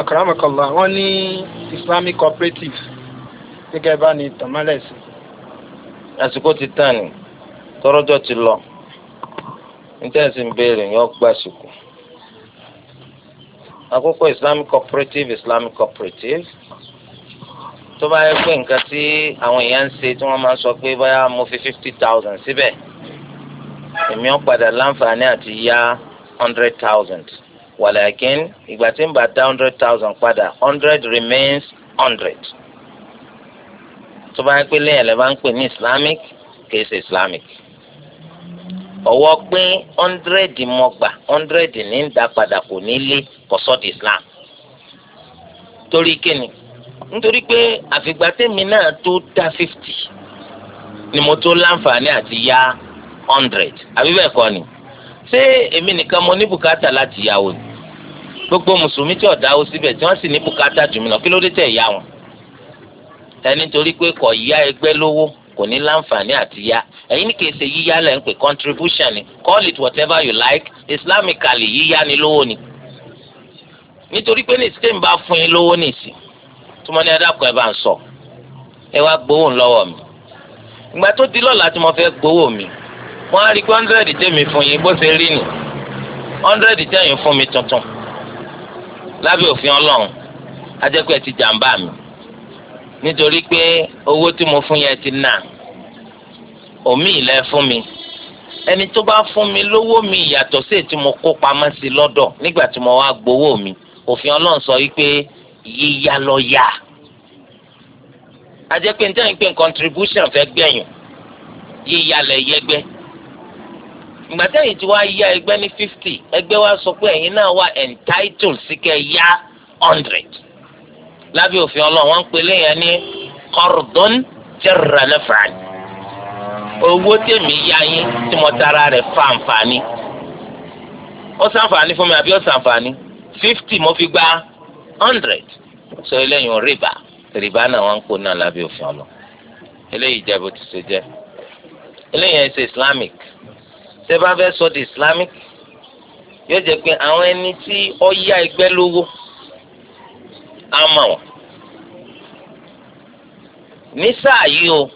akaramakallah wọ́n ní islamic cooperative gẹ́gẹ́ bá ní tàmálẹ̀sì. àsìkò ti tàn ní tọrọjọ ti lọ nítẹ̀sí ń béèrè yọ gbà sùkù àkókò islamic cooperative islamic cooperative tó bá yẹ pé nǹkan tí àwọn èèyàn ń ṣe tí wọ́n máa sọ pé báyà mo fi fifty thousand síbẹ̀ èmi ọ̀ padà láǹfààní àti yá hundred thousand wàlàkín ìgbà tí ń bá dá hundred thousand padà hundred remains hundred tó bá ń pè lẹ́yìn lẹ́ bá ń pè ní islamic kì islamic ọwọ́ pé hundred mọ́gbà hundred ní ń dá padà kò ní lé kọ́sọ́ọ̀dì islam torí kíni nítorí pé àfìgbà tèmi náà tó dá fifty ni mo tó láǹfààní àti yá hundred àbí bẹ́ẹ̀ kọ́ ni ṣé èmi nìkan mo ní bùkátà láti yáwó ni gbogbo mùsùlùmí tí ọ̀dà ó síbẹ̀ tí wọ́n sì ní bùkátà jù mí lọ kí ló dé tẹ̀ ya wọn. ẹni torí pé kò yá ẹgbẹ́ lówó kò ní láǹfààní àti yá ẹ̀yin ní kì í ṣe yíyá lẹ́ ń pè contribution ni call it whatever you like islamically yíyá ni lówó ni. nítorí pé ní stem bá fún yín lówó nìsí tí mo ní ẹ ẹ bá ń sọ ẹ wá gbowó lọ́wọ́ mi ìgbà tó di lọ́la tí mo fẹ́ gbowó mi wọ́n á rí pé hundred tẹ̀mí fún yín bó ṣe rí ni hundred tẹ̀yìn fún mi tuntun lábẹ́ òfin ọlọ́run ajẹ́pẹ́ ti jàǹbá mi nítorí pé owó tí mo fún yẹn ti nà omi ilẹ̀ fún mi ẹni tó bá fún mi lówó mi ìyàtọ̀ sí ètí mo kó pamọ́ sí lọ́dọ̀ nígbà tí mo wá gbowó mi òfin ọlọ́run sọ wípé yíyá lọ yá ajẹ́pẹ́ nítorí pé contribution fẹ́ gbẹ̀yìn yíyá lẹ̀ yẹgbẹ́ ìgbà tẹ́yìn tí wàá yá ẹgbẹ́ ní fifty ẹgbẹ́ wa sọ pé ẹ̀yin náà wà entitled sí kẹ́ yá hundred lábẹ́ òfin ọlọ́run wọ́n ń pè léyìn ní kọ́rọ̀dọ́n jẹ́rìrà lẹ́fàán owó tèmi yá yín tí mo tara rẹ̀ fàǹfààní ó sàǹfààní fún mi àbí ó sàǹfààní fifty mo fi gba hundred so eléyìí ò rìbá rìbá náà wọ́n ń pò náà lábẹ́ òfin ọlọ́run eléyìí jẹ́ bó ti ṣe jẹ́ eléyìí ẹ̀ ṣe islamic ṣé bá fẹ́ sọ di islamic yóò jẹ́ pé àwọn ẹni tí ó yá ẹgbẹ́ lówó á mà wọ́n. ní sáà yìí o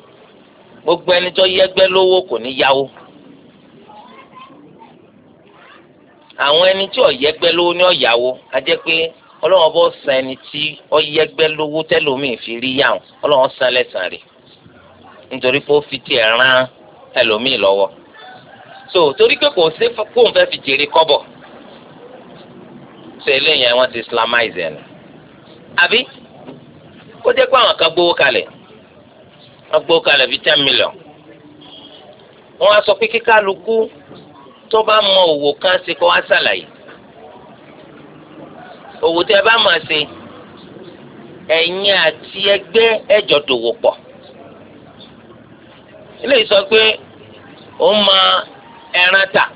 gbogbo ẹni tó yá ẹgbẹ́ lówó kò ní yáwó. àwọn ẹni tí ó yá ẹgbẹ́ lówó ni ó yáwó á jẹ́ pé ọlọ́wọ́n bọ́ san ẹni tí ó yá ẹgbẹ́ lówó tẹ́lómi fi rí yàwó ọlọ́wọ́n san lẹ́sàn-án rẹ̀ nítorí pé ó fi tiẹ̀ rán ẹlòmíì lọ́wọ́ so torí pé kò sí fóun fẹ́ fi jèrè kọ́bọ̀ so eléyìí ẹ̀ wọ́n ti islamize ẹ̀ nù àbí kó jẹ́ pé àwọn kan gbowó kalẹ̀ wọ́n gbowó kalẹ̀ bíi ten million wọ́n á sọ pé kíkálukú tó bá mọ òwò kan ṣe kó wá ṣàlàyé òwò tí ẹ bá máa ṣe ẹ̀yin àti ẹgbẹ́ ẹ̀jọ̀ dòwò pọ̀ ilé ìsọ pé ó máa ẹran tà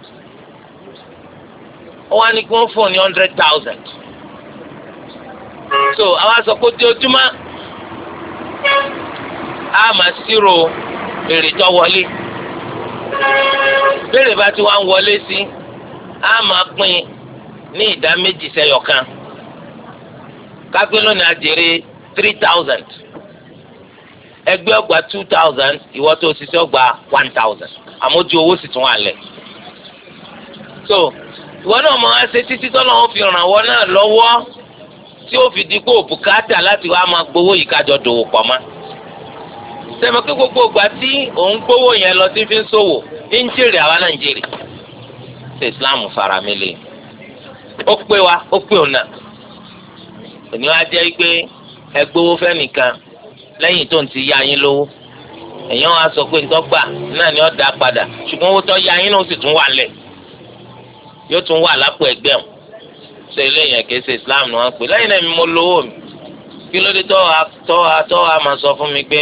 ó wá ní kí wọ́n fún ní hundred thousand so àwa sọ pé ojoojúmọ́ a máa ṣírò èrè tó wọlé béèrè bá ti wá ń wọlé sí a máa pín ní ìdá méjì sẹ́yọ̀ kan kápẹ́ lónìí àjèrè three thousand ẹgbẹ́ ọgbà two thousand ìwọ tó ṣiṣẹ́ ọgbà one thousand àmójú owó sì tún wà lẹ̀. so ìwọ náà mọ̀ ẹ́ na títí tọ́lọ́ wọn fi ràn wọ́n náà lọ́wọ́ tí ó fi di kó bùkátà láti wá máa gbowó yìí kájọ dòwò pọ̀ mọ́. sẹ́mi yẹn lọ sí fi ń ṣòwò ń jèrè àwa náà ń jèrè. Islam fara mi lè wa ó pé òun náà. òní wá jẹ́ pé ẹ gbowó lẹ́yìn tó ń ti ya yín lówó èèyàn á sọ pé ntọ́gbà náà ni ó da padà ṣùgbọ́n owó ya yín náà ó sì tún wà lẹ̀ yóò tún wà lápò ẹgbẹ́ wọn ṣe eléyìí ẹ̀kẹ́ Islam ni wọ́n pè lẹ́yìn náà mo lówó mi kí ló dé tọ́wọ́ tọ́wọ́ tọ́wọ́ máa sọ fún mi pé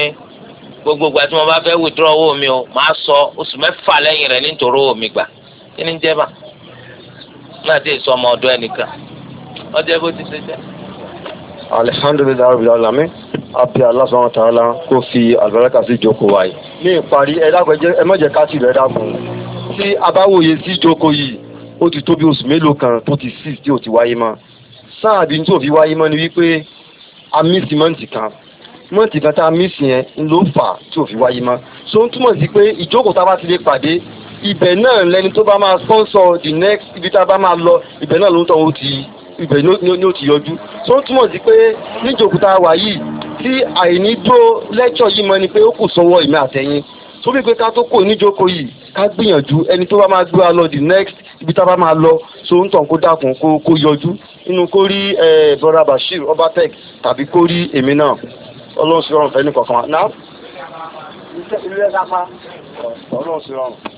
gbogbo ìgbà tí mo bá fẹ́ withdraw owó mi o máa sọ oṣù mẹ́fà lẹ́yìn rẹ̀ nítorí owó mi gbà kí ni jẹ́ bá náà ti sọ ọmọ ọ̀dọ̀ ẹnìkan ọjọ́ bó alihamdulilayi rabil alamin api alasana taala kó fi alibarika sí jókòó wa yìí. ní ìparí ẹ dákun ẹ má jẹ ká tìlú ẹ dákun tí a bá wòye sí jókòó yìí ó ti tó bí oṣù mélòó kan tó ti sí tí ò ti wáyé mọ́ sáàbí tó fi wáyé mọ́ ni wípé a mísì mọ́ǹtì kan mọ́ǹtì kan tá a mísì yẹn ló fà tí ò fi wáyé mọ́ so ń túmọ̀ sí pé ìjókòó tá a bá ti lè pàdé ibẹ̀ náà lẹni tó bá máa sponsor the next ibi tá a bá máa lọ ibẹ̀ náà ló ń tọ́ ibẹ̀ ni ó ti yọjú tó ń túmọ̀ sí pé níjòkúta wà yìí tí àìní dúró lẹ́kṣọ̀ yìí mọ́ ni pé ó kù sọ́wọ́ ìmọ̀ àtẹ̀yìn tó bí pé ká tó kò níjókòó yìí ká gbìyànjú ẹni tó bá máa gbé wa lọ the next ibi tá a bá máa lọ so ń tàn kó dákun kó yọjú nínú kó rí brother Bashir Obatek tàbí kó rí èmi náà ọlọ́run sí ọrùn fẹ́ ní kọ̀ọ̀kan náà. ọlọ́run sí ọrùn.